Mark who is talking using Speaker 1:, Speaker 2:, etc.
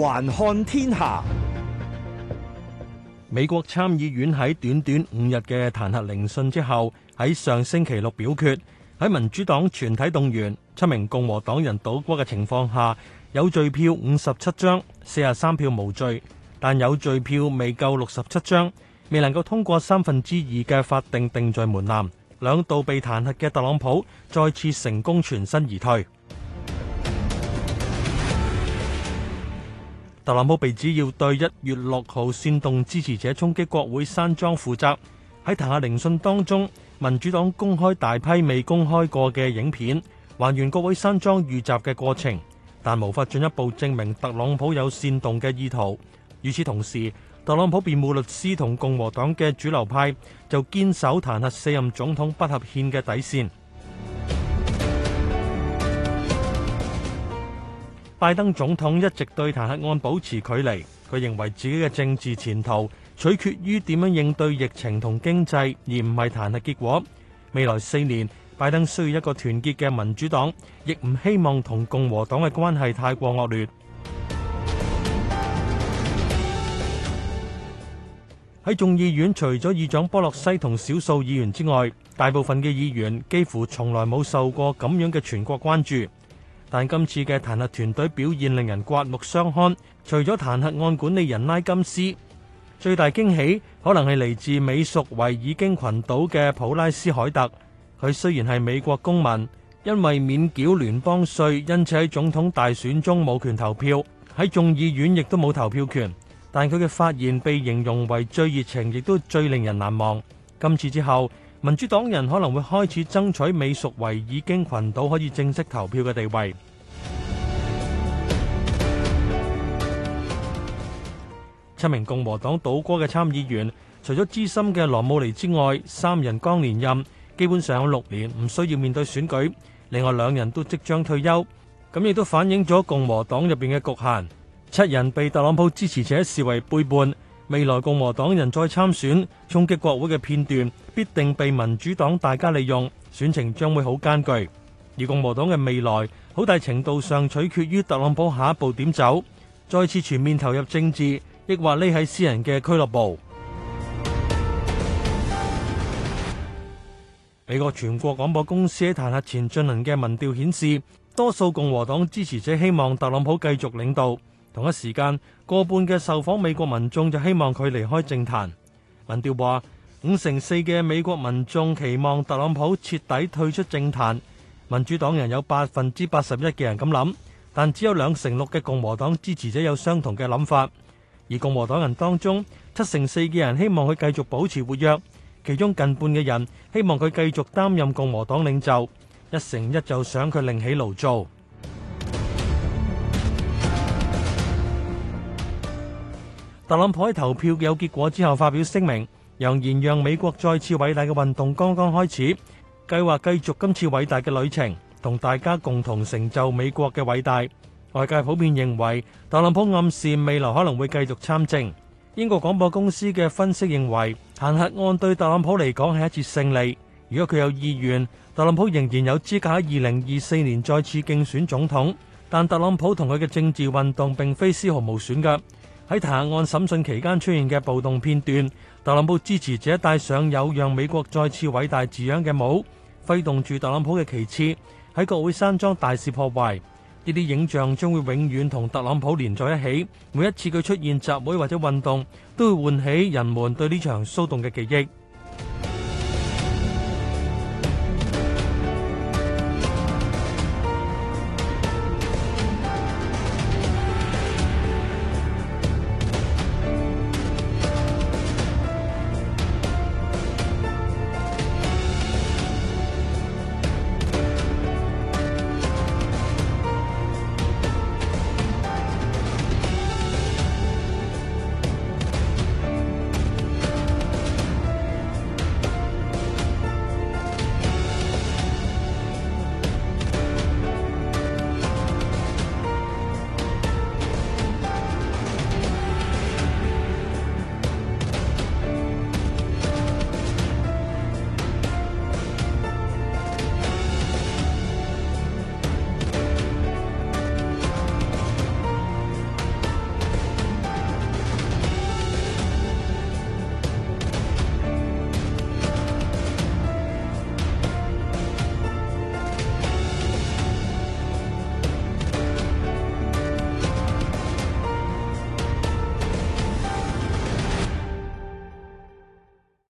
Speaker 1: 環看天下，美國參議院喺短短五日嘅彈劾聆訊之後，喺上星期六表決，喺民主黨全體動員七名共和黨人倒戈嘅情況下，有罪票五十七張，四十三票無罪，但有罪票未夠六十七張，未能夠通過三分之二嘅法定定罪門檻，兩度被彈劾嘅特朗普再次成功全身而退。特朗普被指要對一月六號煽動支持者衝擊國會山莊負責。喺彈劾聆訊當中，民主黨公開大批未公開過嘅影片，還原國會山莊遇襲嘅過程，但無法進一步證明特朗普有煽動嘅意圖。與此同時，特朗普辯護律師同共和黨嘅主流派就堅守彈劾卸任總統不合憲嘅底線。拜登總統一直對彈劾案保持距離，佢認為自己嘅政治前途取決於點樣應對疫情同經濟，而唔係彈劾結果。未來四年，拜登需要一個團結嘅民主黨，亦唔希望同共和黨嘅關係太過惡劣。喺眾議院，除咗議長波洛西同少數議員之外，大部分嘅議員幾乎從來冇受過咁樣嘅全國關注。但今次嘅彈劾團隊表現令人刮目相看，除咗彈劾案管理人拉金斯，最大驚喜可能係嚟自美屬維爾京群島嘅普拉斯凱特。佢雖然係美國公民，因為免繳聯邦稅，因此喺總統大選中冇權投票，喺眾議院亦都冇投票權。但佢嘅發言被形容為最熱情，亦都最令人難忘。今次之後，民主黨人可能會開始爭取美屬維爾京群島可以正式投票嘅地位。七名共和黨倒戈嘅參議員，除咗資深嘅羅姆尼之外，三人剛連任，基本上有六年唔需要面對選舉；另外兩人都即將退休，咁亦都反映咗共和黨入邊嘅局限。七人被特朗普支持者視為背叛。未來共和黨人再參選，衝擊國會嘅片段必定被民主黨大家利用，選情將會好艱巨。而共和黨嘅未來，好大程度上取決於特朗普下一步點走，再次全面投入政治，抑或匿喺私人嘅俱樂部。美國全國廣播公司喺彈劾前進行嘅民調顯示，多數共和黨支持者希望特朗普繼續領導。同一時間，過半嘅受訪美國民眾就希望佢離開政壇。民調話，五成四嘅美國民眾期望特朗普徹底退出政壇，民主黨人有百分之八十一嘅人咁諗，但只有兩成六嘅共和黨支持者有相同嘅諗法。而共和黨人當中，七成四嘅人希望佢繼續保持活躍，其中近半嘅人希望佢繼續擔任共和黨領袖，一成一就想佢另起爐灶。特朗普喺投票有結果之後發表聲明，揚言讓美國再次偉大嘅運動剛剛開始，計劃繼續今次偉大嘅旅程，同大家共同成就美國嘅偉大。外界普遍認為特朗普暗示未來可能會繼續參政。英國廣播公司嘅分析認為，彈劾案對特朗普嚟講係一次勝利。如果佢有意願，特朗普仍然有資格喺二零二四年再次競選總統。但特朗普同佢嘅政治運動並非絲毫無損嘅。喺彈劾案審訊期間出現嘅暴動片段，特朗普支持者戴上有讓美國再次偉大字樣嘅帽，揮動住特朗普嘅旗幟，喺國會山莊大肆破壞。呢啲影像將會永遠同特朗普連在一起，每一次佢出現集會或者運動，都會喚起人們對呢場騷動嘅記憶。